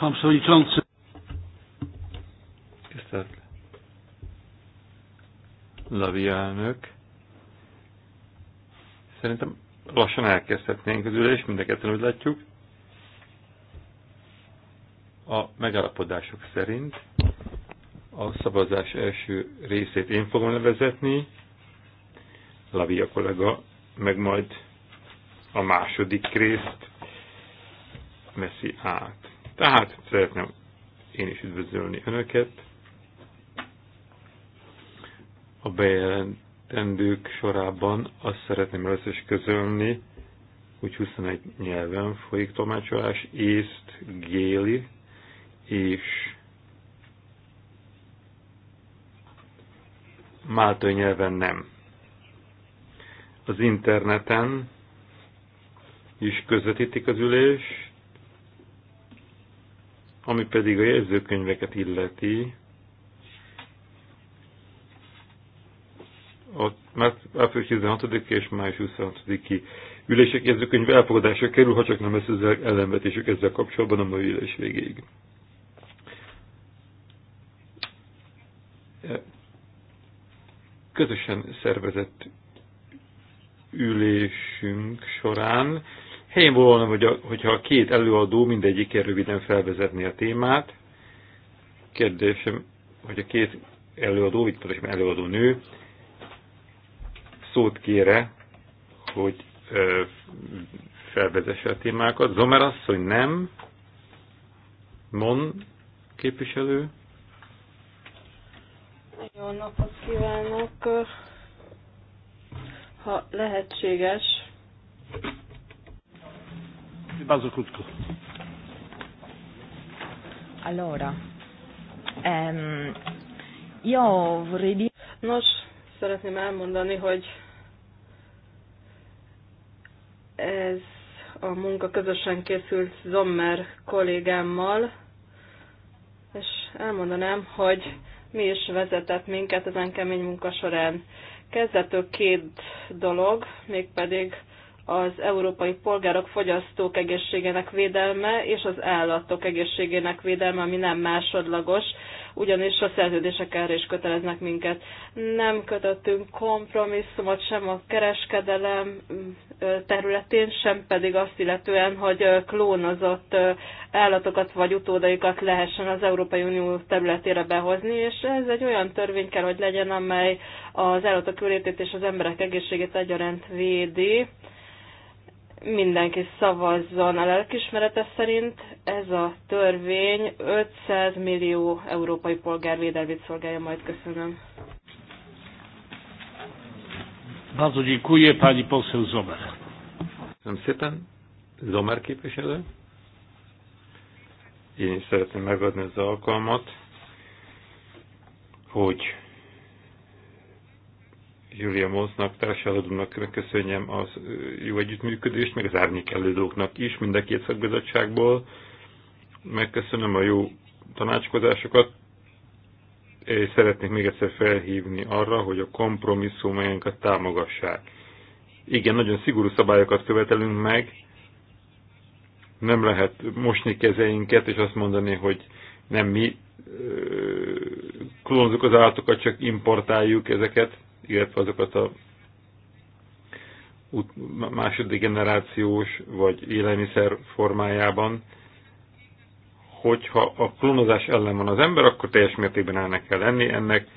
Pan Przewodniczący. Tisztelt Lavi elnök. Szerintem lassan elkezdhetnénk az ülést, mind a úgy látjuk. A megállapodások szerint a szavazás első részét én fogom levezetni, Lavia kollega, meg majd a második részt veszi át. Tehát szeretném én is üdvözölni Önöket. A bejelentendők sorában azt szeretném először is közölni, hogy 21 nyelven folyik tolmácsolás, észt, géli és máltai nyelven nem. Az interneten is közvetítik az ülést, ami pedig a jegyzőkönyveket illeti, a április 16 és május 26-i ülések jegyzőkönyv elfogadásra kerül, ha csak nem lesz ezzel ellenvetésük ezzel kapcsolatban a mai ülés végéig. E, közösen szervezett ülésünk során Helyén volna, hogy a, hogyha a két előadó mindegyik röviden felvezetné a témát. Kérdésem, hogy a két előadó, itt is előadó nő, szót kére, hogy ö, felvezesse a témákat. Zomer hogy nem, Mon képviselő. Jó napot kívánok! Ha lehetséges, Bardzo krótko. Allora, um, io vorrei dire... Nos, szeretném elmondani, hogy ez a munka közösen készült Zommer kollégámmal, és elmondanám, hogy mi is vezetett minket ezen kemény munka során. Kezdetől két dolog, mégpedig az európai polgárok fogyasztók egészségének védelme és az állatok egészségének védelme, ami nem másodlagos, ugyanis a szerződések erre is köteleznek minket. Nem kötöttünk kompromisszumot sem a kereskedelem területén, sem pedig azt illetően, hogy klónozott állatokat vagy utódaikat lehessen az Európai Unió területére behozni, és ez egy olyan törvény kell, hogy legyen, amely az állatok körétét és az emberek egészségét egyaránt védi mindenki szavazzon a lelkismerete szerint. Ez a törvény 500 millió európai polgár védelmét szolgálja majd. Köszönöm. Bardzo dziękuję pani poseł Zomer. Köszönöm szépen. Zomer képviselő. Én is szeretném megadni az alkalmat, hogy Julia Monsnak, társadalomnak köszönjem az jó együttműködést, meg az árnyék elődóknak is, mind a két szakbizottságból. Megköszönöm a jó tanácskozásokat, és szeretnék még egyszer felhívni arra, hogy a kompromisszumainkat támogassák. Igen, nagyon szigorú szabályokat követelünk meg, nem lehet mosni kezeinket, és azt mondani, hogy nem mi klónzuk az állatokat, csak importáljuk ezeket illetve azokat a második generációs vagy élelmiszer formájában, hogyha a klónozás ellen van az ember, akkor teljes mértékben ennek kell lenni. Ennek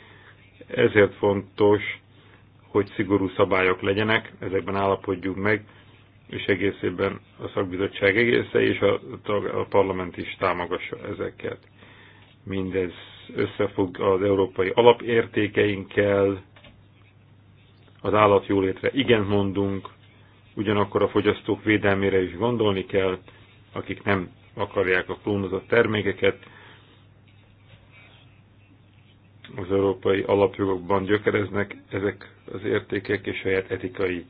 ezért fontos, hogy szigorú szabályok legyenek, ezekben állapodjunk meg, és egészében a szakbizottság egésze és a, a parlament is támogassa ezeket. Mindez összefügg az európai alapértékeinkkel, az állatjólétre igen mondunk, ugyanakkor a fogyasztók védelmére is gondolni kell, akik nem akarják a klónozott termékeket. Az európai alapjogokban gyökereznek ezek az értékek, és saját etikai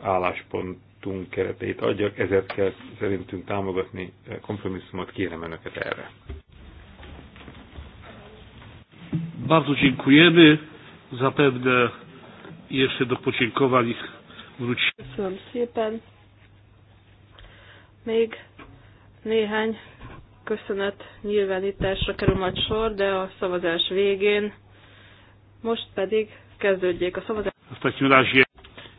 álláspontunk keretét adjak, ezért kell szerintünk támogatni kompromisszumot, kérem Önöket erre. Bardzo dziękujemy. Zapewne jeszcze do podziękowań wrócimy. Köszönöm szépen. Még néhány köszönet nyilvánításra kerül majd sor, de a szavazás végén. Most pedig kezdődjék a szavazás.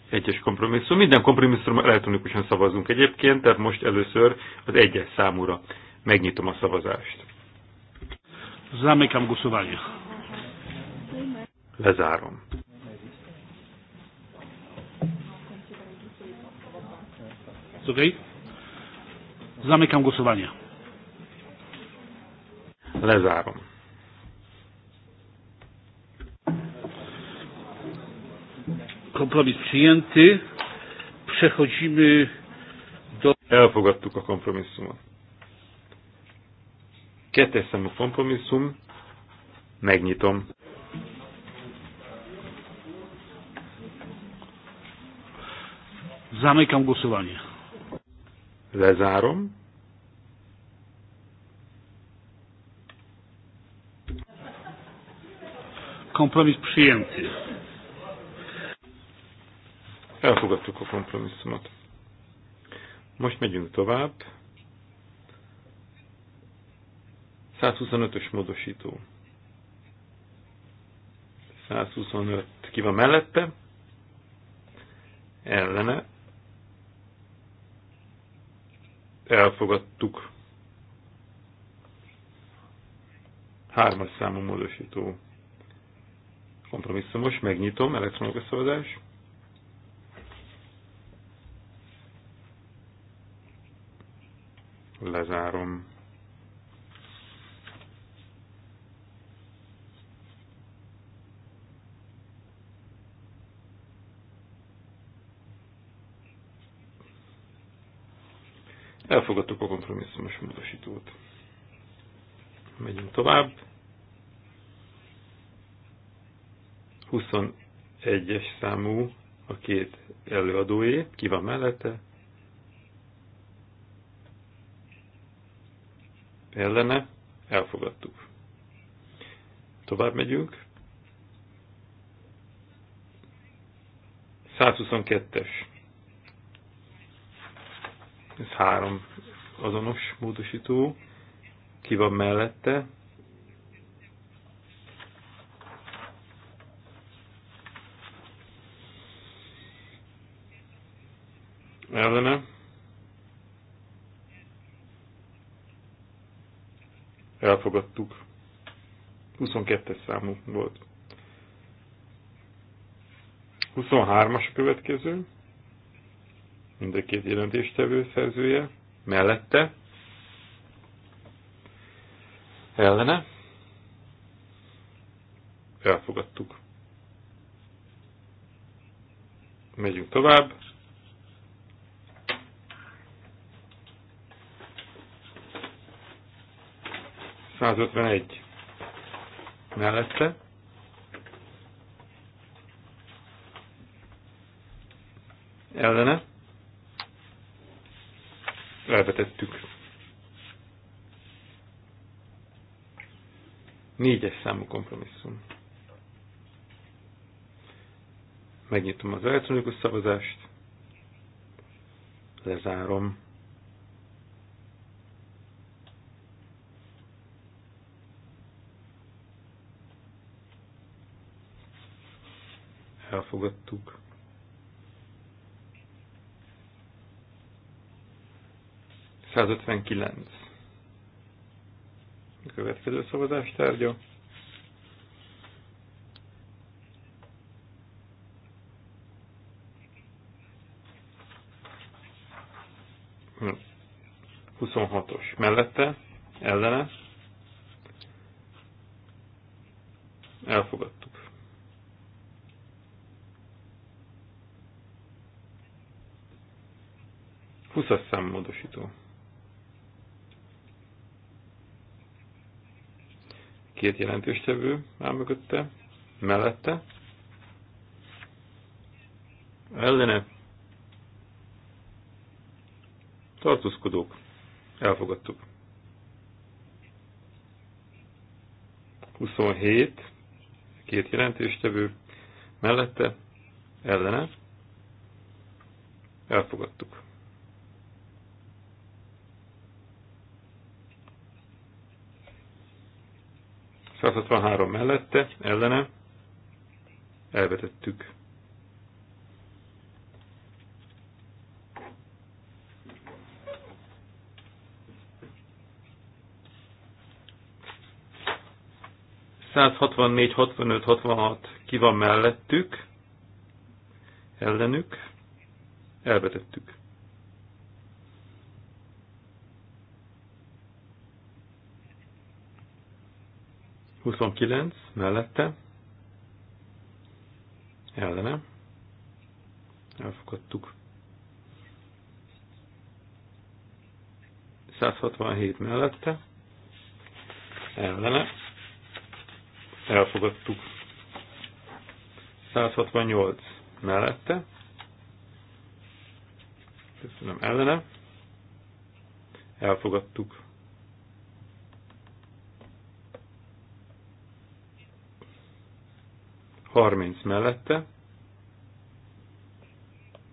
Egyes kompromisszum. Minden kompromisszum elektronikusan szavazunk egyébként, tehát most először az egyes számúra megnyitom a szavazást. Zámékám głosowanie. Lezárom. Jest ok? Zamykam głosowanie. Lezarom. Kompromis przyjęty. Przechodzimy do... Ja Elfogadtuk a kompromisszumot. Kettes számú kompromisu, megnitom. Zamykam głosowanie. Lezárom. Kompromis przyjęty. Elfogadtuk a kompromisszumot. Most megyünk tovább. 125-ös módosító. 125 ki van mellette, ellene elfogadtuk. Hármas számú módosító kompromisszumos, megnyitom, elektronikus szavazás. Lezárom. Elfogadtuk a kompromisszumos módosítót. Megyünk tovább. 21-es számú a két előadóé. Ki van mellette? Ellene? Elfogadtuk. Tovább megyünk. 122-es ez három azonos módosító. Ki van mellette? Ellene? Elfogadtuk. 22-es számú volt. 23-as következő mind a két jelentéstevő szerzője, mellette, ellene, elfogadtuk. Megyünk tovább. egy mellette. Ellene elvetettük. Négyes számú kompromisszum. Megnyitom az elektronikus szavazást, lezárom. Elfogadtuk. 159. A következő szavazás tárgya. Huszonhatos. 26-os. Mellette, ellene, elfogadtuk. Huszas szám módosító. Két jelentős tevő áll mögötte, mellette. Ellene tartózkodók. Elfogadtuk. 27, két jelentéstevő, mellette, ellene, elfogadtuk. 163 mellette, ellene, elvetettük. négy 65, 66 ki van mellettük, ellenük, elvetettük. 29 mellette, ellene, elfogadtuk. 167 mellette, ellene, elfogadtuk. 168 mellette, köszönöm, ellene, elfogadtuk. 30 mellette,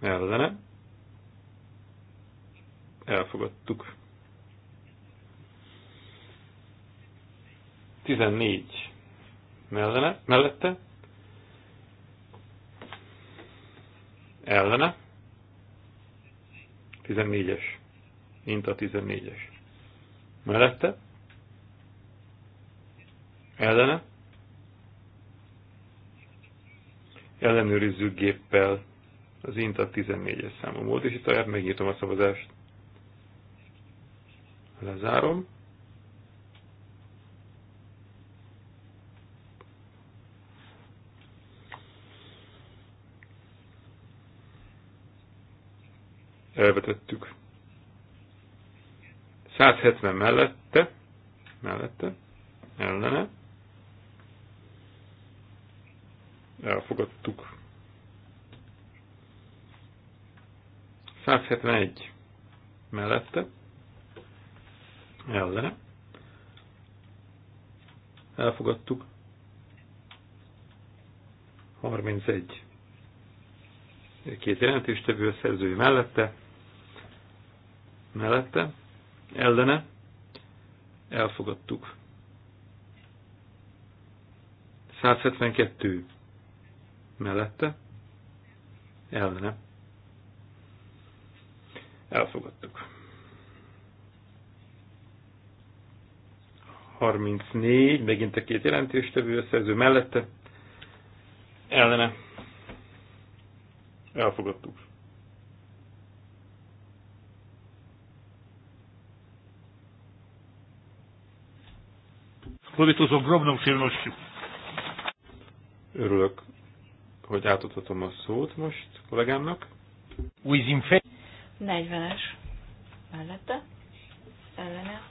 ellene, elfogadtuk. 14 mellene, mellette, ellene, 14-es, mint a 14-es. Mellette, ellene, ellenőrizzük géppel az INTA 14-es számú módosítóját, megnyitom a szavazást. Lezárom. Elvetettük. 170 mellette, mellette, ellene, elfogadtuk. 171 mellette, ellene, elfogadtuk. 31 két jelentéstevő a szerzői mellette, mellette, ellene, elfogadtuk. 172 mellette, ellene. Elfogadtuk. 34, megint a két jelentéstevő a szerző mellette, ellene. Elfogadtuk. Mówię to z Örülök hogy átadhatom a szót most kollégámnak. Új 40-es mellette, ellene,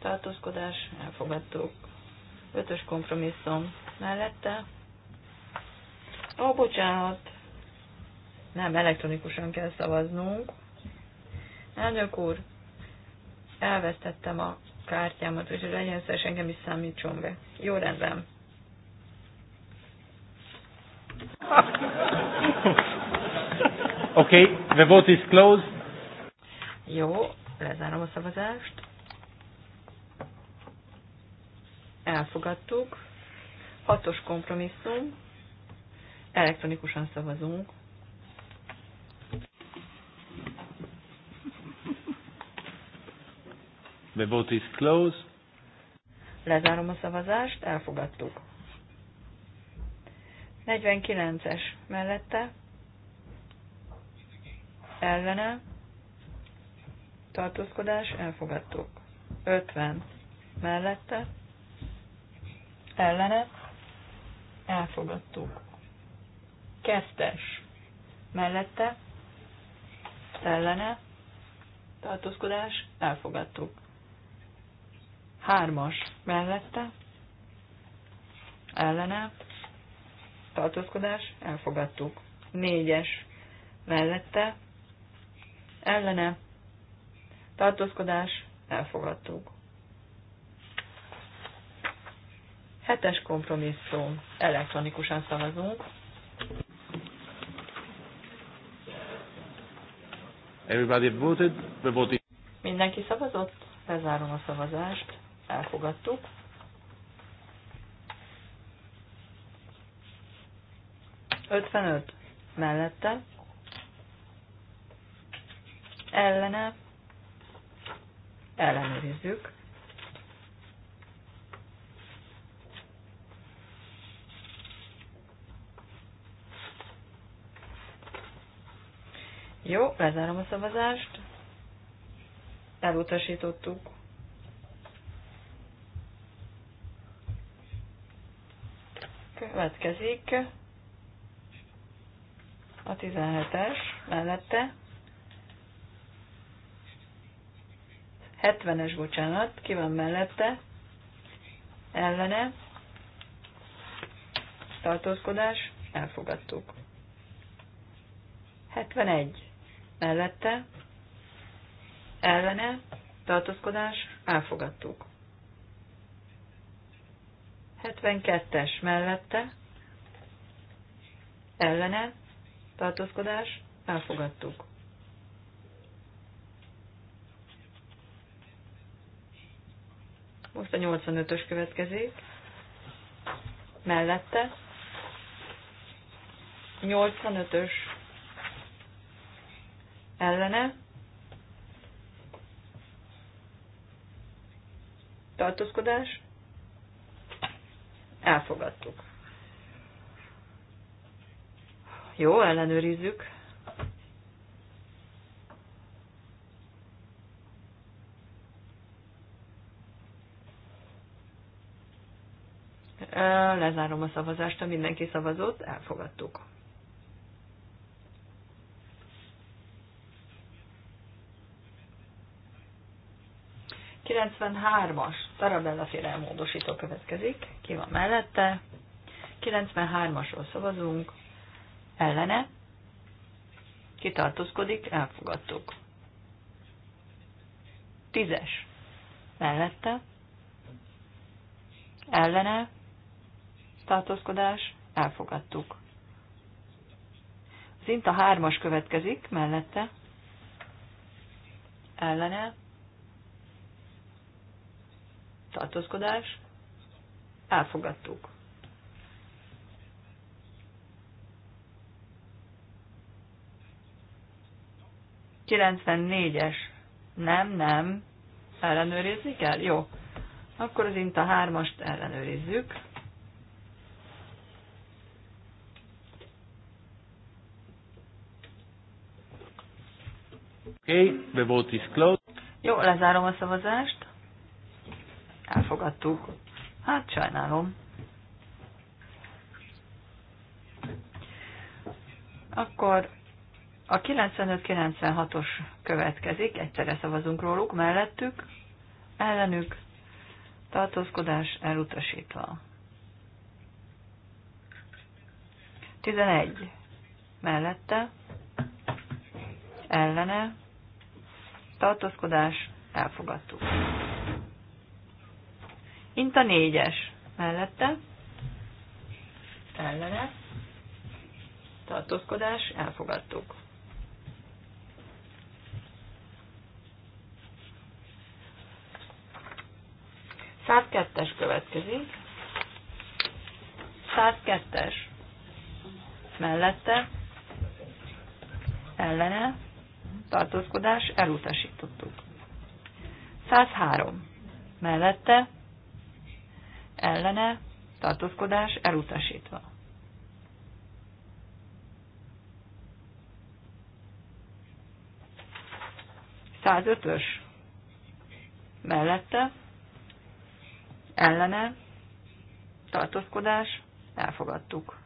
tartózkodás, elfogadtuk. Ötös kompromisszum mellette. Ó, bocsánat, nem, elektronikusan kell szavaznunk. Elnök úr, elvesztettem a kártyámat, úgyhogy legyen szes, engem is számítson be. Jó rendben. okay, the vote is closed. Jó, lezárom a szavazást. Elfogadtuk. Hatos kompromisszum. Elektronikusan szavazunk. The vote is closed. Lezárom a szavazást, elfogadtuk. 49-es mellette, ellene, tartózkodás, elfogadtuk. 50 mellette, ellene, elfogadtuk. Kesztes mellette, ellene, tartózkodás, elfogadtuk. Hármas mellette, ellene, tartózkodás, elfogadtuk. Négyes mellette, ellene, tartózkodás, elfogadtuk. Hetes kompromisszum, elektronikusan szavazunk. Everybody voted, the Mindenki szavazott, lezárom a szavazást, elfogadtuk. 55 mellette, ellene, ellenőrizzük. Jó, lezárom a szavazást. Elutasítottuk. Következik. 17-es mellette. 70-es, bocsánat, ki van mellette, ellene, tartózkodás, elfogadtuk. 71 mellette, ellene, tartózkodás, elfogadtuk. 72-es mellette, ellene, tartózkodás, elfogadtuk. Most a 85-ös következik, mellette, 85-ös ellene, tartózkodás, elfogadtuk. Jó, ellenőrizzük. Lezárom a szavazást, ha mindenki szavazott, elfogadtuk. as Tarabella féle elmódosító következik. Ki van mellette? 93-asról szavazunk ellene, kitartózkodik, elfogadtuk. Tízes, mellette, ellene, tartózkodás, elfogadtuk. Az inta hármas következik, mellette, ellene, tartózkodás, elfogadtuk. 94-es. Nem, nem. Ellenőrizni kell? Jó. Akkor az Inta 3-ast ellenőrizzük. Okay, the vote is closed. Jó, lezárom a szavazást. Elfogadtuk. Hát sajnálom. Akkor a 95-96-os következik, egyszerre szavazunk róluk, mellettük, ellenük, tartózkodás elutasítva. 11. Mellette, ellene, tartózkodás elfogadtuk. Inta 4-es, mellette, ellene, tartózkodás elfogadtuk. 102-es következik. 102-es mellette ellene tartózkodás elutasítottuk. 103 mellette ellene tartózkodás elutasítva. 105-ös mellette ellene, tartózkodás, elfogadtuk.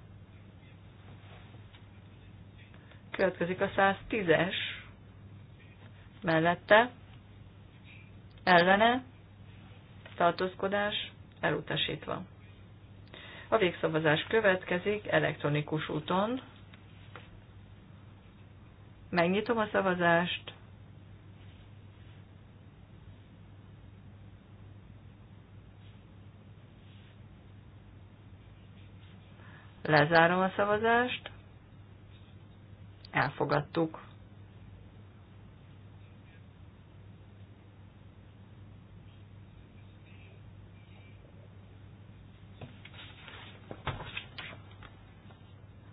Következik a 110-es, mellette, ellene, tartózkodás, elutasítva. A végszavazás következik elektronikus úton. Megnyitom a szavazást. Lezárom a szavazást. Elfogadtuk.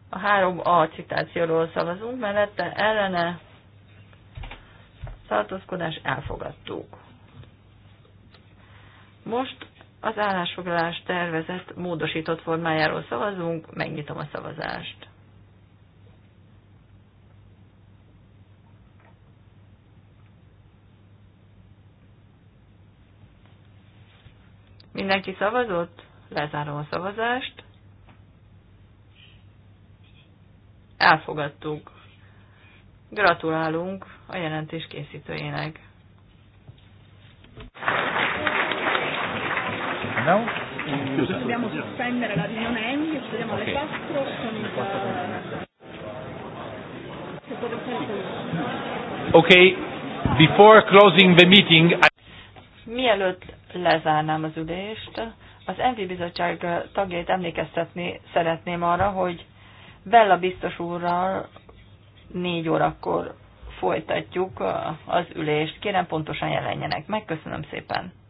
A 3A citációról szavazunk, mellette ellene tartózkodás elfogadtuk. Most az állásfoglalás tervezett módosított formájáról szavazunk, megnyitom a szavazást. Mindenki szavazott? Lezárom a szavazást. Elfogadtuk. Gratulálunk a jelentés készítőjének. No? Dobbiamo sospendere la riunione ENI, ci e vediamo alle 4 con il... Eh, okay, before closing the meeting, I... Mielőtt lezárnám az ülést, az MV bizottság tagjait emlékeztetni szeretném arra, hogy Bella biztos úrral négy órakor folytatjuk az ülést. Kérem pontosan jelenjenek Megköszönöm szépen.